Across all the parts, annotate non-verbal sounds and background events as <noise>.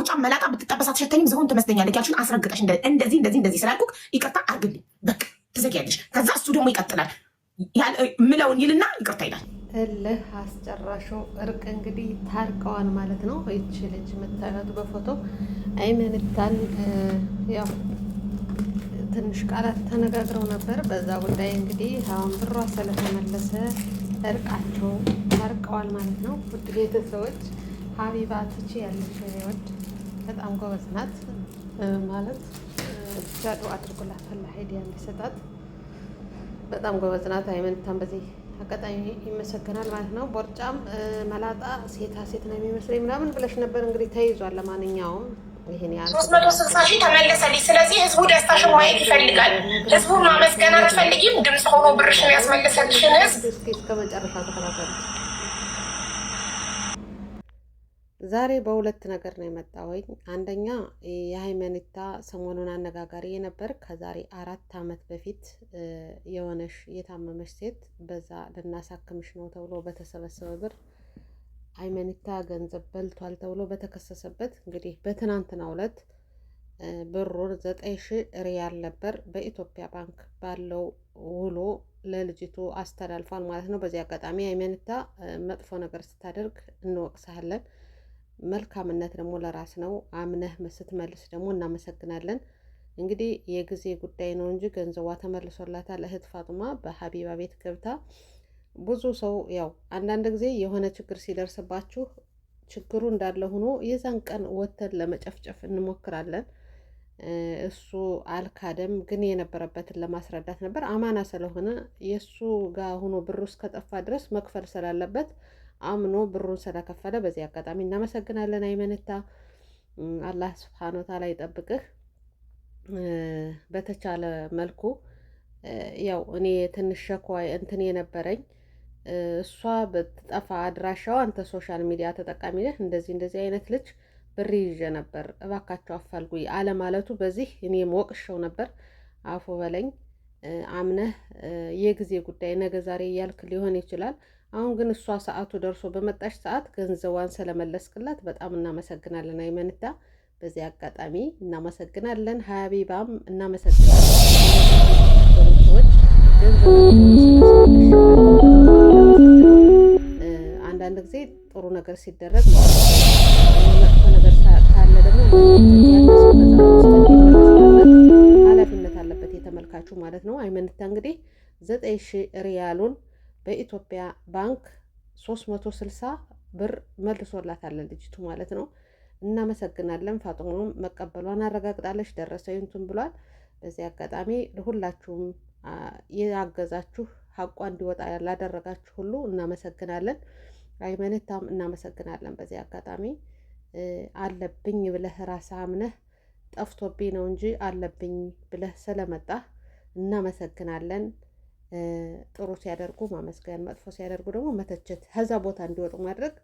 ቦርጫ መላጣ ብትጠበሳ ተሸተኝም ዝሆን ትመስለኛለህ ያልሽን አስረግጠሽ እንደዚህ እንደዚህ እንደዚህ ስላልኩክ ይቅርታ አርግልኝ፣ በቃ ትዘጊያለሽ። ከዛ እሱ ደግሞ ይቀጥላል ምለውን ይልና ይቅርታ ይላል። እልህ አስጨራሹ እርቅ እንግዲህ ታርቀዋል ማለት ነው። ይቺ ልጅ የምታዩት በፎቶ አይመንታል። ያው ትንሽ ቃላት ተነጋግረው ነበር በዛ ጉዳይ እንግዲህ አሁን ብሯ ስለተመለሰ እርቃቸው ታርቀዋል ማለት ነው። ውድ ቤተሰቦች ሀቢባ ትቼ ያለች ወድ በጣም ጎበዝ ናት ማለት ብቻ አድርጎላት አድርጎላታል ሀይዲያ እንዲሰጣት በጣም ጎበዝ ናት። አይመንታም በዚህ አጋጣሚ ይመሰገናል ማለት ነው። ቦርጫም መላጣ ሴታ ሴት ነው የሚመስለኝ ምናምን ብለሽ ነበር። እንግዲህ ተይዟል። ለማንኛውም ይህን ያህል ሶስት መቶ ስልሳ ሺህ ተመለሰልኝ። ስለዚህ ህዝቡ ደስታሽን ማየት ይፈልጋል። ህዝቡን ማመስገን አልፈልጊም? ድምፅ ሆኖ ብርሽን ያስመለሰልሽን ህዝብ እስኪ እስከ መጨረሻ ተከታተሉት። ዛሬ በሁለት ነገር ነው የመጣሁኝ። አንደኛ የሀይመኒታ ሰሞኑን አነጋጋሪ የነበር ከዛሬ አራት ዓመት በፊት የሆነሽ የታመመሽ ሴት በዛ ልናሳክምሽ ነው ተብሎ በተሰበሰበ ብር ሀይመኒታ ገንዘብ በልቷል ተብሎ በተከሰሰበት እንግዲህ በትናንትናው ዕለት ብሩን ዘጠኝ ሺህ ሪያል ነበር በኢትዮጵያ ባንክ ባለው ውሎ ለልጅቱ አስተላልፏል ማለት ነው። በዚህ አጋጣሚ ሀይመኒታ መጥፎ ነገር ስታደርግ እንወቅሳለን። መልካምነት ደግሞ ለራስ ነው። አምነህ ስትመልስ ደግሞ እናመሰግናለን። እንግዲህ የጊዜ ጉዳይ ነው እንጂ ገንዘቧ ተመልሶላታል። እህት ፋጡማ በሀቢባ ቤት ገብታ ብዙ ሰው ያው አንዳንድ ጊዜ የሆነ ችግር ሲደርስባችሁ ችግሩ እንዳለ ሆኖ የዛን ቀን ወተን ለመጨፍጨፍ እንሞክራለን። እሱ አልካደም፣ ግን የነበረበትን ለማስረዳት ነበር። አማና ስለሆነ የእሱ ጋር ሆኖ ብሩ እስከጠፋ ድረስ መክፈል ስላለበት አምኖ ብሩን ስለከፈለ በዚህ አጋጣሚ እናመሰግናለን። አይመንታ አላህ ስብሓን ወታላ ይጠብቅህ። በተቻለ መልኩ ያው እኔ ትንሽ ሸኳ እንትን የነበረኝ እሷ በትጠፋ አድራሻዋ አንተ ሶሻል ሚዲያ ተጠቃሚ ነህ፣ እንደዚህ እንደዚህ አይነት ልጅ ብር ይዤ ነበር እባካቸው አፋልጉኝ አለማለቱ በዚህ እኔ ወቅሸው ነበር። አፎ በለኝ አምነህ የጊዜ ጉዳይ ነገ ዛሬ እያልክ ሊሆን ይችላል። አሁን ግን እሷ ሰዓቱ ደርሶ በመጣች ሰዓት ገንዘቧን ስለመለስክላት በጣም እናመሰግናለን። አይመንታ በዚህ አጋጣሚ እናመሰግናለን። ሀቢባም እናመሰግናለን። አንዳንድ ጊዜ ጥሩ ነገር ሲደረግ ኃላፊነት አለበት የተመልካቹ ማለት ነው። አይመንታ እንግዲህ ዘጠኝ ሺህ ሪያሉን በኢትዮጵያ ባንክ 360 ብር መልሶላታል ልጅቱ ማለት ነው። እናመሰግናለን። ፋጡማም መቀበሏን አረጋግጣለች። ደረሰው ይንቱን ብሏል። በዚህ አጋጣሚ ለሁላችሁም ያገዛችሁ ሀቋ እንዲወጣ ላደረጋችሁ ሁሉ እናመሰግናለን። አይመንታም እናመሰግናለን። በዚህ አጋጣሚ አለብኝ ብለህ ራስ አምነህ ጠፍቶብኝ ነው እንጂ አለብኝ ብለህ ስለመጣህ እናመሰግናለን። ጥሩ ሲያደርጉ ማመስገን፣ መጥፎ ሲያደርጉ ደግሞ መተቸት፣ ከዛ ቦታ እንዲወጡ ማድረግ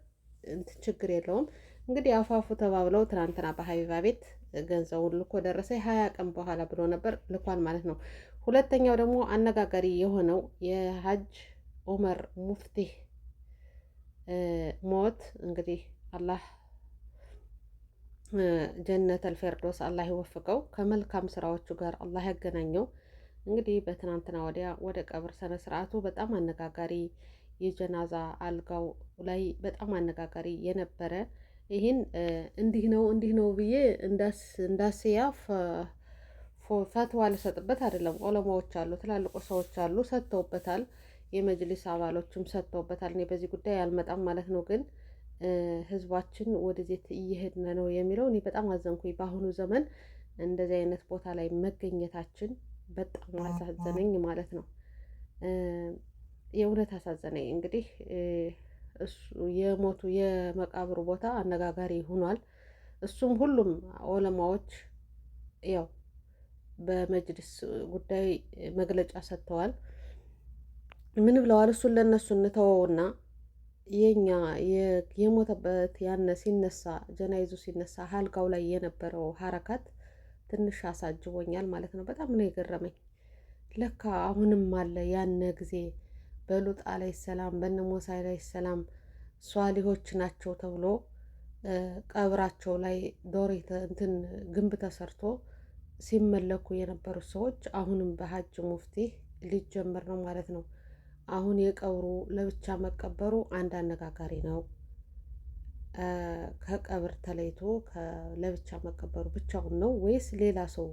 እንትን ችግር የለውም። እንግዲህ አፋፉ ተባብለው ትናንትና በሀቢባ ቤት ገንዘቡን ልኮ ደረሰ። ሀያ ቀን በኋላ ብሎ ነበር ልኳል ማለት ነው። ሁለተኛው ደግሞ አነጋጋሪ የሆነው የሀጅ ኡመር ሙፍቲ ሞት እንግዲህ አላህ ጀነት አልፌርዶስ አላህ ይወፍቀው ከመልካም ስራዎቹ ጋር አላህ ያገናኘው። እንግዲህ በትናንትና ወዲያ ወደ ቀብር ስነ ስርዓቱ በጣም አነጋጋሪ የጀናዛ አልጋው ላይ በጣም አነጋጋሪ የነበረ ይህን እንዲህ ነው እንዲህ ነው ብዬ እንዳስያ ፈትዋ ልሰጥበት አይደለም። ዑለማዎች አሉ፣ ትላልቁ ሰዎች አሉ፣ ሰጥተውበታል። የመጅሊስ አባሎችም ሰጥተውበታል። እኔ በዚህ ጉዳይ አልመጣም ማለት ነው። ግን ህዝባችን ወደዜት እየሄድነ ነው የሚለው እኔ በጣም አዘንኩኝ። በአሁኑ ዘመን እንደዚህ አይነት ቦታ ላይ መገኘታችን በጣም አሳዘነኝ ማለት ነው። የእውነት አሳዘነኝ። እንግዲህ እሱ የሞቱ የመቃብሩ ቦታ አነጋጋሪ ሆኗል። እሱም ሁሉም ዑለማዎች ያው በመጅልስ ጉዳይ መግለጫ ሰጥተዋል። ምን ብለዋል? እሱን ለእነሱ እንተወውና የኛ የሞተበት ያነ ሲነሳ ጀናይዙ ሲነሳ አልጋው ላይ የነበረው ሀረካት ትንሽ አሳጅቦኛል ማለት ነው። በጣም ነው የገረመኝ። ለካ አሁንም አለ ያነ ጊዜ በሉጥ አለይ ሰላም በነ ሙሳ አለይ ሰላም ሷሊሆች ናቸው ተብሎ ቀብራቸው ላይ ዶር እንትን ግንብ ተሰርቶ ሲመለኩ የነበሩ ሰዎች አሁንም በሀጅ ሙፍቲ ሊጀመር ነው ማለት ነው። አሁን የቀብሩ ለብቻ መቀበሩ አንድ አነጋጋሪ ነው። ከቀብር ተለይቶ ለብቻ መቀበሩ ብቻውን ነው ወይስ ሌላ ሰው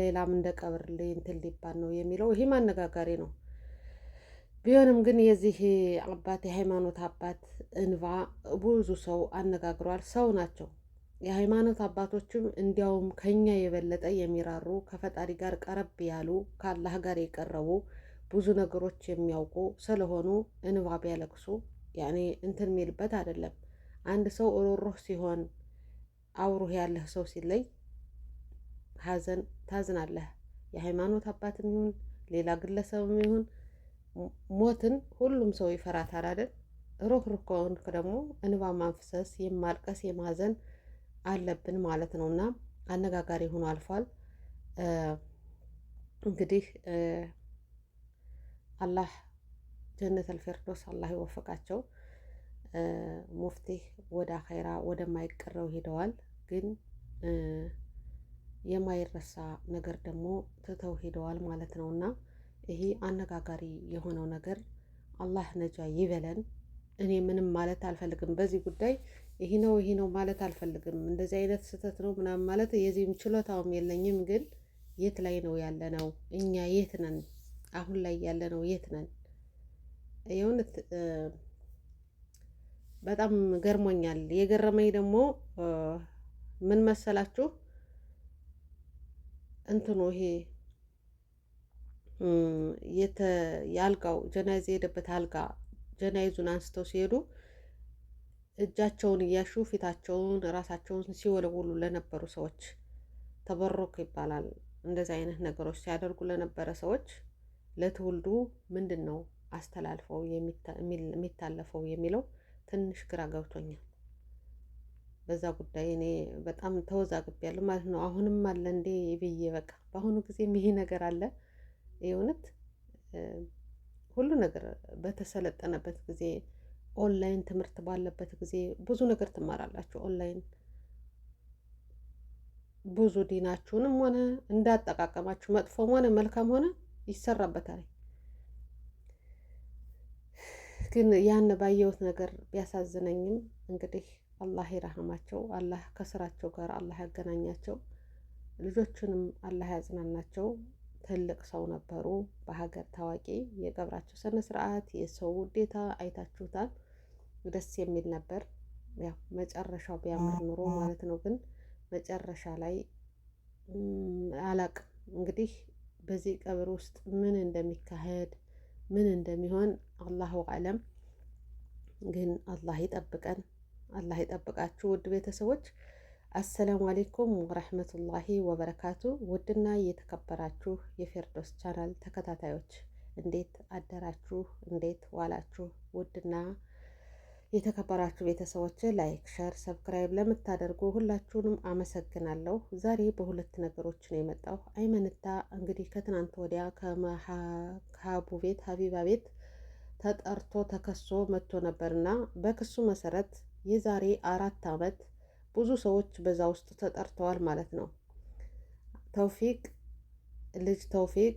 ሌላም እንደ ቀብር እንትን ሊባል ነው የሚለው ይሄ አነጋጋሪ ነው። ቢሆንም ግን የዚህ አባት የሃይማኖት አባት እንባ ብዙ ሰው አነጋግሯል። ሰው ናቸው። የሃይማኖት አባቶችም እንዲያውም ከኛ የበለጠ የሚራሩ ከፈጣሪ ጋር ቀረብ ያሉ ከአላህ ጋር የቀረቡ ብዙ ነገሮች የሚያውቁ ስለሆኑ እንባ ቢያለቅሱ ያኔ እንትን የሚልበት አይደለም። አንድ ሰው ሩህሩህ ሲሆን አውሩህ ያለህ ሰው ሲለይ ሀዘን ታዝናለህ። የሃይማኖት አባትም ይሁን ሌላ ግለሰብም ይሁን ሞትን ሁሉም ሰው ይፈራታል አይደል? ሩህሩህ ከሆንክ ደግሞ እንባ ማንፍሰስ፣ የማልቀስ የማዘን አለብን ማለት ነው እና አነጋጋሪ ሆኖ አልፏል። እንግዲህ አላህ ጀነት አልፌርዶስ አላህ ይወፈቃቸው። ሙፍቲ ወደ አኼራ ወደማይቀረው ሄደዋል። ግን የማይረሳ ነገር ደግሞ ትተው ሄደዋል ማለት ነው እና ይሄ አነጋጋሪ የሆነው ነገር አላህ ነጃ ይበለን። እኔ ምንም ማለት አልፈልግም በዚህ ጉዳይ። ይሄ ነው ይሄ ነው ማለት አልፈልግም። እንደዚህ አይነት ስህተት ነው ምናምን ማለት የዚህም ችሎታውም የለኝም። ግን የት ላይ ነው ያለ ነው? እኛ የት ነን? አሁን ላይ ያለ ነው የት ነን? የእውነት በጣም ገርሞኛል። የገረመኝ ደግሞ ምን መሰላችሁ? እንትኑ ይሄ የአልጋው ጀናይዝ የሄደበት አልጋ ጀናይዙን አንስተው ሲሄዱ እጃቸውን እያሹ ፊታቸውን ራሳቸውን ሲወለውሉ ለነበሩ ሰዎች ተበሮክ ይባላል። እንደዚህ አይነት ነገሮች ሲያደርጉ ለነበረ ሰዎች ለትውልዱ ምንድን ነው አስተላልፈው የሚታለፈው የሚለው ትንሽ ግራ ገብቶኛል። በዛ ጉዳይ እኔ በጣም ተወዛግቤያለሁ ማለት ነው። አሁንም አለ እንዴ ብዬ በቃ በአሁኑ ጊዜም ይሄ ነገር አለ። የእውነት ሁሉ ነገር በተሰለጠነበት ጊዜ፣ ኦንላይን ትምህርት ባለበት ጊዜ ብዙ ነገር ትማራላችሁ። ኦንላይን ብዙ ዲናችሁንም ሆነ እንዳጠቃቀማችሁ መጥፎም ሆነ መልካም ሆነ ይሰራበታል። ግን ያን ባየሁት ነገር ቢያሳዝነኝም እንግዲህ አላህ ይረሃማቸው፣ አላህ ከስራቸው ጋር አላህ ያገናኛቸው፣ ልጆቹንም አላህ ያጽናናቸው። ትልቅ ሰው ነበሩ፣ በሀገር ታዋቂ። የቀብራቸው ስነ ስርዓት የሰው ውዴታ አይታችሁታል። ደስ የሚል ነበር። ያው መጨረሻው ቢያምር ኑሮ ማለት ነው። ግን መጨረሻ ላይ አላቅ እንግዲህ በዚህ ቀብር ውስጥ ምን እንደሚካሄድ ምን እንደሚሆን አላሁ አለም። ግን አላህ ይጠብቀን፣ አላህ ይጠብቃችሁ ውድ ቤተሰቦች። አሰላሙ አሌይኩም ወረህመቱላሂ ወበረካቱ። ውድና የተከበራችሁ የፌርዶስ ቻናል ተከታታዮች እንዴት አደራችሁ? እንዴት ዋላችሁ? ውድና የተከበራችሁ ቤተሰቦች ላይክ፣ ሸር፣ ሰብስክራይብ ለምታደርጉ ሁላችሁንም አመሰግናለሁ። ዛሬ በሁለት ነገሮች ነው የመጣው። አይመንታ እንግዲህ ከትናንት ወዲያ ከሀቡ ቤት ሀቢባ ቤት ተጠርቶ ተከሶ መጥቶ ነበርና በክሱ መሰረት የዛሬ አራት አመት ብዙ ሰዎች በዛ ውስጥ ተጠርተዋል ማለት ነው። ተውፊቅ ልጅ ተውፊቅ፣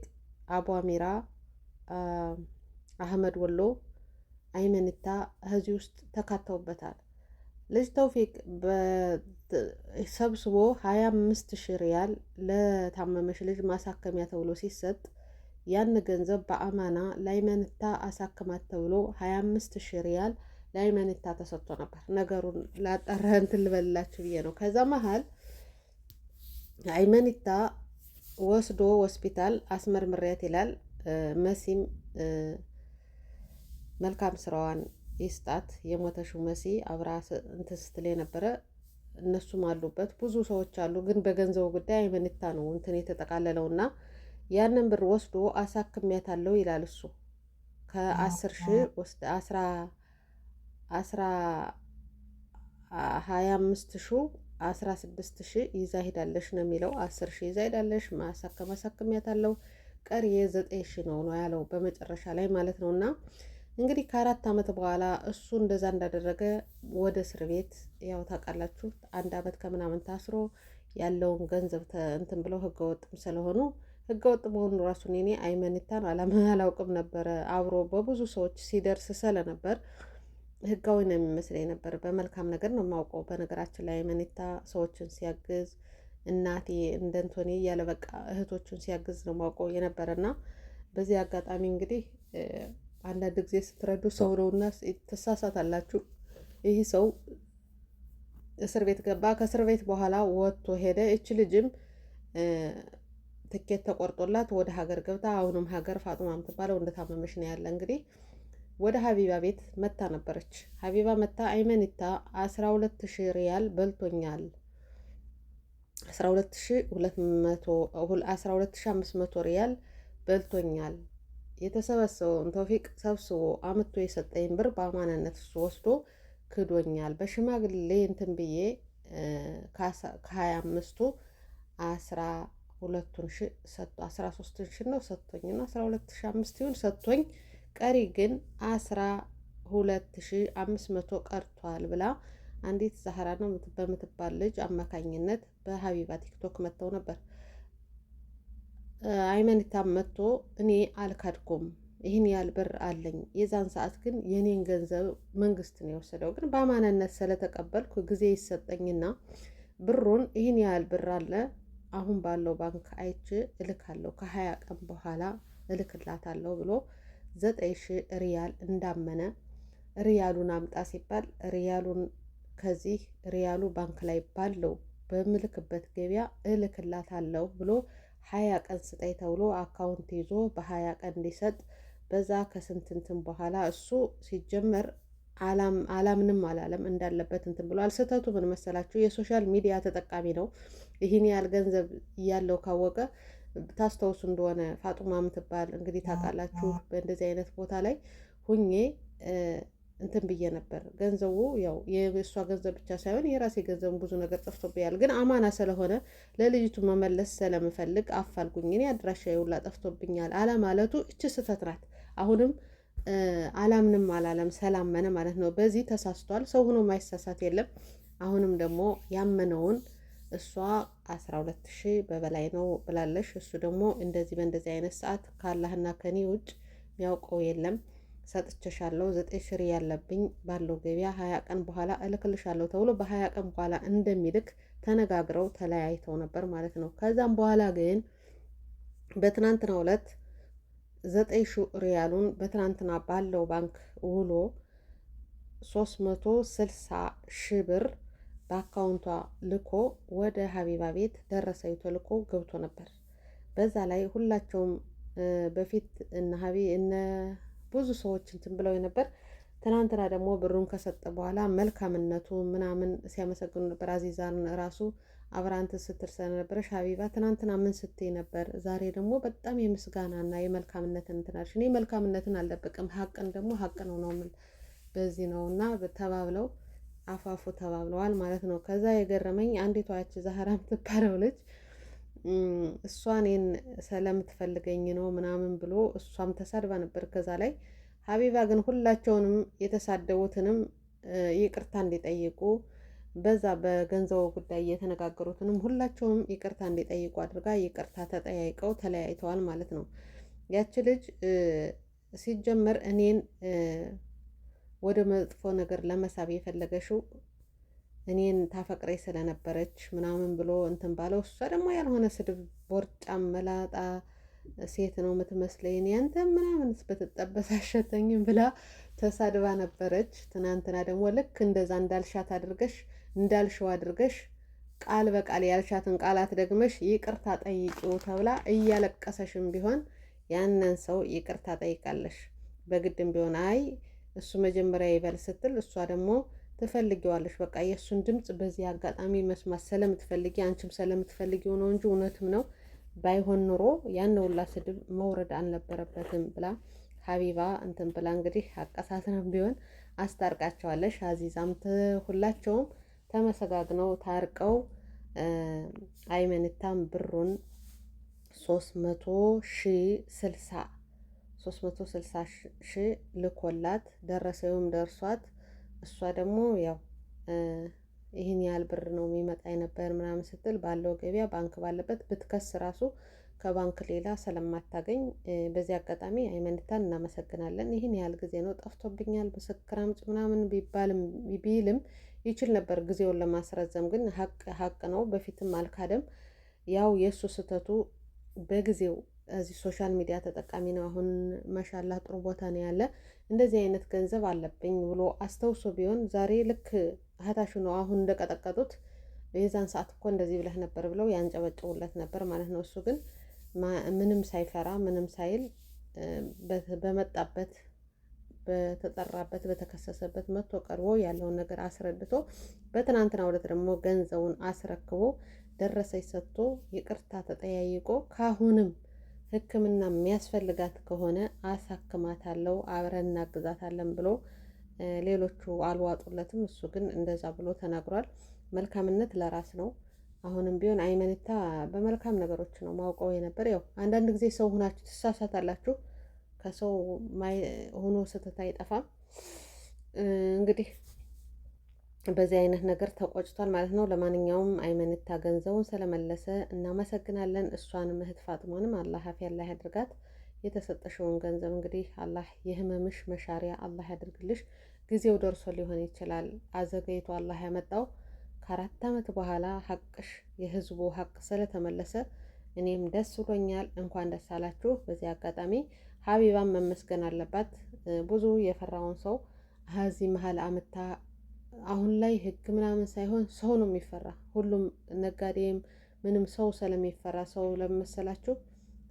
አቡ አሚራ፣ አህመድ ወሎ አይመንታ እዚህ ውስጥ ተካተውበታል። ልጅ ተውፊቅ ሰብስቦ ሀያ አምስት ሺ ሪያል ለታመመሽ ልጅ ማሳከሚያ ተብሎ ሲሰጥ ያን ገንዘብ በአማና ላይመንታ አሳክማት ተብሎ ሀያ አምስት ሺ ሪያል ላይመንታ ተሰጥቶ ነበር። ነገሩን ላጠረ እንትን ልበልላችሁ ብዬ ነው። ከዛ መሀል አይመንታ ወስዶ ሆስፒታል አስመርምሬያት ይላል መሲም መልካም ስራዋን ይስጣት። የሞተሽው መሲ አብራ እንትን ስትል የነበረ እነሱም አሉበት ብዙ ሰዎች አሉ። ግን በገንዘቡ ጉዳይ አይመንታ ነው እንትን የተጠቃለለው የተጠቃለለውና ያንን ብር ወስዶ አሳክሚያታለሁ ይላል እሱ ከአስር ሺህ ወስደ አስራ አስራ ሀያ አምስት ሺህ አስራ ስድስት ሺህ ይዛ ሄዳለሽ ነው የሚለው። አስር ሺህ ይዛ ሄዳለሽ ማሳከም አሳክሚያታለሁ ቀሪ ዘጠኝ ሺህ ነው ነው ያለው በመጨረሻ ላይ ማለት ነው እና እንግዲህ ከአራት ዓመት በኋላ እሱ እንደዛ እንዳደረገ ወደ እስር ቤት ያው ታውቃላችሁ፣ አንድ አመት ከምናምን ታስሮ ያለውን ገንዘብ እንትን ብለው ህገወጥም ስለሆኑ ህገወጥ መሆኑ ራሱን እኔ አይመንታን <laughs> አላውቅም ነበረ። አብሮ በብዙ ሰዎች ሲደርስ ስለነበር ህጋዊ ነው የሚመስለኝ ነበር። በመልካም ነገር ነው የማውቀው። በነገራችን ላይ አይመንታ ሰዎችን ሲያግዝ እናቴ እንደ እንቶኔ እያለ በቃ እህቶቹን ሲያግዝ ነው የማውቀው የነበረና በዚህ አጋጣሚ እንግዲህ አንዳንድ ጊዜ ስትረዱ ሰው ነውና ትሳሳታላችሁ። ይህ ሰው እስር ቤት ገባ። ከእስር ቤት በኋላ ወጥቶ ሄደ። እች ልጅም ትኬት ተቆርጦላት ወደ ሀገር ገብታ አሁንም ሀገር ፋጡማ ምትባለው እንደታመመሽ ነው ያለ። እንግዲህ ወደ ሀቢባ ቤት መታ ነበረች። ሀቢባ መታ አይመኒታ አስራ ሁለት ሺ ሪያል በልቶኛል፣ አስራ ሁለት ሺ አምስት መቶ ሪያል በልቶኛል የተሰበሰበውን ተውፊቅ ሰብስቦ አምቶ የሰጠኝ ብር በአማንነት እሱ ወስዶ ክዶኛል። በሽማግሌ እንትን ብዬ ከሀያ አምስቱ አስራ ሁለቱን ሺ አስራ ሶስቱን ሺ ነው ሰጥቶኝ ሰጥቶኝና አስራ ሁለት ሺ አምስት ይሁን ሰጥቶኝ ቀሪ ግን አስራ ሁለት ሺ አምስት መቶ ቀርቷል ብላ አንዲት ዛህራ ነው በምትባል ልጅ አማካኝነት በሀቢባ ቲክቶክ መጥተው ነበር። አይመኒታ መጥቶ እኔ አልካድኩም ይህን ያህል ብር አለኝ። የዛን ሰዓት ግን የኔን ገንዘብ መንግስት ነው የወሰደው። ግን በአማናነት ስለተቀበልኩ ጊዜ ይሰጠኝና ብሩን ይህን ያህል ብር አለ አሁን ባለው ባንክ አይቼ እልካለሁ ከሀያ ቀን በኋላ እልክላታለሁ ብሎ ዘጠኝ ሺህ ሪያል እንዳመነ ሪያሉን አምጣ ሲባል ሪያሉን ከዚህ ሪያሉ ባንክ ላይ ባለው በምልክበት ገበያ እልክላታለሁ ብሎ ሀያ ቀን ስጣይ ተብሎ አካውንት ይዞ በሀያ ቀን ሊሰጥ በዛ ከስንትንትን በኋላ እሱ ሲጀመር አላምንም አላለም እንዳለበት እንትን ብሏል። ስህተቱ ምን መሰላችሁ? የሶሻል ሚዲያ ተጠቃሚ ነው። ይህን ያህል ገንዘብ እያለው ካወቀ ታስታውሱ እንደሆነ ፋጡማ ምትባል እንግዲህ ታውቃላችሁ። በእንደዚህ አይነት ቦታ ላይ ሁኜ እንትን ብዬ ነበር። ገንዘቡ ያው የእሷ ገንዘብ ብቻ ሳይሆን የራሴ ገንዘብ ብዙ ነገር ጠፍቶብኛል፣ ግን አማና ስለሆነ ለልጅቱ መመለስ ስለምፈልግ አፋልጉኝ፣ እኔ አድራሻ የውላ ጠፍቶብኛል አለ ማለቱ እች ስህተት ናት። አሁንም አላምንም አላለም ሰላመነ ማለት ነው። በዚህ ተሳስቷል። ሰው ሆኖ ማይሳሳት የለም። አሁንም ደግሞ ያመነውን እሷ አስራ ሁለት ሺህ በበላይ ነው ብላለሽ። እሱ ደግሞ እንደዚህ በእንደዚህ አይነት ሰዓት ካላህና ከኔ ውጭ የሚያውቀው የለም ሰጥቼሻለሁ ዘጠኝ ሺህ ያለብኝ ባለው ገቢያ ሀያ ቀን በኋላ እልክልሻለሁ ተብሎ በሀያ ቀን በኋላ እንደሚልክ ተነጋግረው ተለያይተው ነበር ማለት ነው። ከዛም በኋላ ግን በትናንትና ዕለት ዘጠኝ ሹ ሪያሉን በትናንትና ባለው ባንክ ውሎ ሶስት መቶ ስልሳ ሺ ብር በአካውንቷ ልኮ ወደ ሀቢባ ቤት ደረሰ ተልኮ ገብቶ ነበር። በዛ ላይ ሁላቸውም በፊት እነ ሀቢ እነ ብዙ ሰዎች እንትን ብለው ነበር። ትናንትና ደግሞ ብሩን ከሰጠ በኋላ መልካምነቱ ምናምን ሲያመሰግኑ ነበር። አዚዛን ራሱ አብራንት ስትል ስለነበረሽ ሀቢባ ትናንትና ምን ስትይ ነበር? ዛሬ ደግሞ በጣም የምስጋናና የመልካምነትን እንትን አለሽ። እኔ መልካምነትን አልደብቅም፣ ሀቅን ደግሞ ሀቅ ነው ነው የምል በዚህ ነው እና ተባብለው አፋፉ ተባብለዋል ማለት ነው። ከዛ የገረመኝ አንዲቷ ዛህራም ትባለው ልጅ እሷ እኔን ስለምትፈልገኝ ነው ምናምን ብሎ እሷም ተሳድባ ነበር። ከዛ ላይ ሀቢባ ግን ሁላቸውንም የተሳደቡትንም ይቅርታ እንዲጠይቁ በዛ በገንዘቡ ጉዳይ የተነጋገሩትንም ሁላቸውም ይቅርታ እንዲጠይቁ አድርጋ ይቅርታ ተጠያይቀው ተለያይተዋል ማለት ነው። ያቺ ልጅ ሲጀመር እኔን ወደ መጥፎ ነገር ለመሳብ የፈለገሽው እኔን ታፈቅሬ ስለነበረች ምናምን ብሎ እንትን ባለው እሷ ደግሞ ያልሆነ ስድብ ቦርጫም መላጣ ሴት ነው የምትመስለኝ እኔ አንተ ምናምን በትጠበስ አሸተኝም ብላ ተሳድባ ነበረች። ትናንትና ደግሞ ልክ እንደዛ እንዳልሻት አድርገሽ እንዳልሸው አድርገሽ ቃል በቃል ያልሻትን ቃላት ደግመሽ ይቅርታ ጠይቂው ተብላ እያለቀሰሽም ቢሆን ያንን ሰው ይቅርታ ጠይቃለሽ። በግድም ቢሆን አይ እሱ መጀመሪያ ይበል ስትል እሷ ደግሞ ትፈልጊዋለሽ። በቃ የእሱን ድምፅ በዚህ አጋጣሚ መስማት ስለምትፈልጊ አንቺም ስለምትፈልጊው ነው እንጂ እውነትም ነው ባይሆን ኑሮ ያን ሁላ ስድብ መውረድ አልነበረበትም ብላ ሀቢባ እንትን ብላ እንግዲህ አቀሳስረም ቢሆን አስታርቃቸዋለሽ። አዚዛም ሁላቸውም ተመሰጋግነው ታርቀው አይመንታም ብሩን ሶስት መቶ ሺ ስልሳ ሶስት መቶ ስልሳ ሺ ልኮላት ደረሰውም ደርሷት እሷ ደግሞ ያው ይህን ያህል ብር ነው የሚመጣ የነበር ምናምን ስትል ባለው ገበያ ባንክ ባለበት ብትከስ ራሱ ከባንክ ሌላ ስለማታገኝ በዚህ አጋጣሚ አይመንታን እናመሰግናለን። ይህን ያህል ጊዜ ነው ጠፍቶብኛል፣ ምስክር አምጪ ምናምን ቢባልም ቢልም ይችል ነበር ጊዜውን ለማስረዘም ግን ሀቅ ሀቅ ነው። በፊትም አልካደም። ያው የእሱ ስህተቱ በጊዜው እዚህ ሶሻል ሚዲያ ተጠቃሚ ነው። አሁን መሻላ ጥሩ ቦታ ነው ያለ እንደዚህ አይነት ገንዘብ አለብኝ ብሎ አስተውሶ ቢሆን ዛሬ ልክ እህታሹ ነው አሁን እንደቀጠቀጡት የዛን ሰዓት እኮ እንደዚህ ብለህ ነበር ብለው ያንጨበጭቡለት ነበር ማለት ነው። እሱ ግን ምንም ሳይፈራ ምንም ሳይል በመጣበት በተጠራበት በተከሰሰበት መጥቶ ቀርቦ ያለውን ነገር አስረድቶ በትናንትና ዕለት ደግሞ ገንዘቡን አስረክቦ ደረሰኝ ሰጥቶ ይቅርታ ተጠያይቆ ካሁንም ሕክምና የሚያስፈልጋት ከሆነ አሳክማታለሁ፣ አብረን እናግዛታለን ብሎ ሌሎቹ አልዋጡለትም። እሱ ግን እንደዛ ብሎ ተናግሯል። መልካምነት ለራስ ነው። አሁንም ቢሆን አይመንታ በመልካም ነገሮች ነው ማውቀው የነበር። ያው አንዳንድ ጊዜ ሰው ሁናችሁ ትሳሳታላችሁ። ከሰው ሆኖ ስህተት አይጠፋም እንግዲህ በዚህ አይነት ነገር ተቆጭቷል ማለት ነው። ለማንኛውም አይመንታ ገንዘቡን ስለመለሰ እናመሰግናለን። እሷንም እህት ፋጥሞንም አላህ አፊያ ላይ ያድርጋት። የተሰጠሽውን ገንዘብ እንግዲህ አላህ የህመምሽ መሻሪያ አላህ ያድርግልሽ። ጊዜው ደርሶ ሊሆን ይችላል። አዘገይቶ አላህ ያመጣው ከአራት ዓመት በኋላ ሀቅሽ የህዝቡ ሀቅ ስለተመለሰ እኔም ደስ ብሎኛል። እንኳን ደስ አላችሁ። በዚህ አጋጣሚ ሀቢባን መመስገን አለባት። ብዙ የፈራውን ሰው ሀዚህ መሀል አምታ አሁን ላይ ህግ ምናምን ሳይሆን ሰው ነው የሚፈራ። ሁሉም ነጋዴም ምንም ሰው ስለሚፈራ ሰው ለመሰላችሁ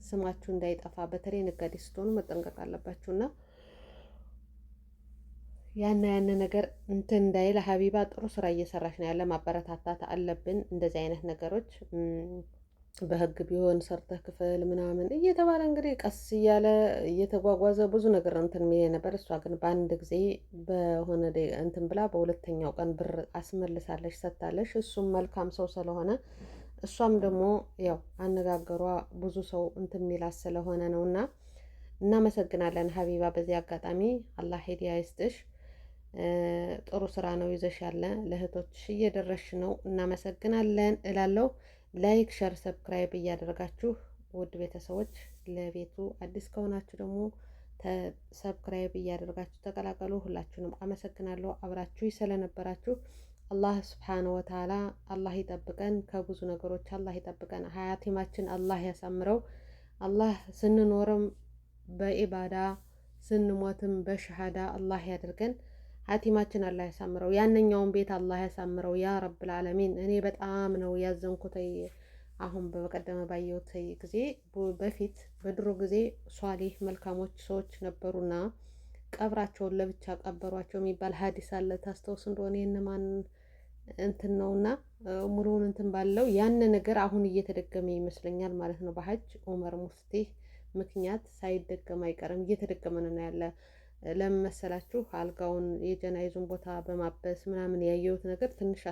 ስማችሁ እንዳይጠፋ በተለይ ነጋዴ ስትሆኑ መጠንቀቅ አለባችሁ። እና ያና ያነ ነገር እንትን እንዳይል ሀቢባ ጥሩ ስራ እየሰራች ነው ያለ ማበረታታት አለብን። እንደዚህ አይነት ነገሮች በህግ ቢሆን ሰርተህ ክፍል ምናምን እየተባለ እንግዲህ ቀስ እያለ እየተጓጓዘ ብዙ ነገር እንትን የሚል ነበር። እሷ ግን በአንድ ጊዜ በሆነ እንትን ብላ በሁለተኛው ቀን ብር አስመልሳለች፣ ሰታለች እሱም መልካም ሰው ስለሆነ እሷም ደግሞ ያው አነጋገሯ ብዙ ሰው እንትን የሚላት ስለሆነ ነው። እና እናመሰግናለን ሀቢባ በዚህ አጋጣሚ አላህ ሂዳያ ይስጥሽ። ጥሩ ስራ ነው ይዘሽ ያለ ለእህቶችሽ እየደረሽ ነው። እናመሰግናለን እላለሁ። ላይክ፣ ሸር፣ ሰብስክራይብ እያደረጋችሁ ውድ ቤተሰቦች ለቤቱ አዲስ ከሆናችሁ ደግሞ ሰብስክራይብ እያደረጋችሁ ተቀላቀሉ። ሁላችሁንም አመሰግናለሁ አብራችሁ ስለነበራችሁ። አላህ ስብሓነ ወተዓላ አላህ ይጠብቀን፣ ከብዙ ነገሮች አላህ ይጠብቀን። ሀያቲማችን አላህ ያሳምረው። አላህ ስንኖርም በኢባዳ ስንሞትም በሸሃዳ አላህ ያደርገን። ሀቲማችን አላህ ያሳምረው፣ ያንኛውን ቤት አላህ ያሳምረው። ያ ረብል ዓለሚን እኔ በጣም ነው ያዘንኩት አሁን በቀደመ ባየሁት ጊዜ በፊት በድሮ ጊዜ ሷሊህ መልካሞች ሰዎች ነበሩና ቀብራቸውን ለብቻ ቀበሯቸው የሚባል ሀዲስ አለ። ታስታውስ እንደሆነ የነማን እንትን ነውና ሙሉውን እንትን ባለው ያን ነገር አሁን እየተደገመ ይመስለኛል ማለት ነው። በሀጅ ኡመር ሙፍቲ ምክንያት ሳይደገም አይቀርም እየተደገመ ነው ያለ ለምን መሰላችሁ? አልጋውን የጀናይዙን ቦታ በማበስ ምናምን ያየሁት ነገር ትንሽ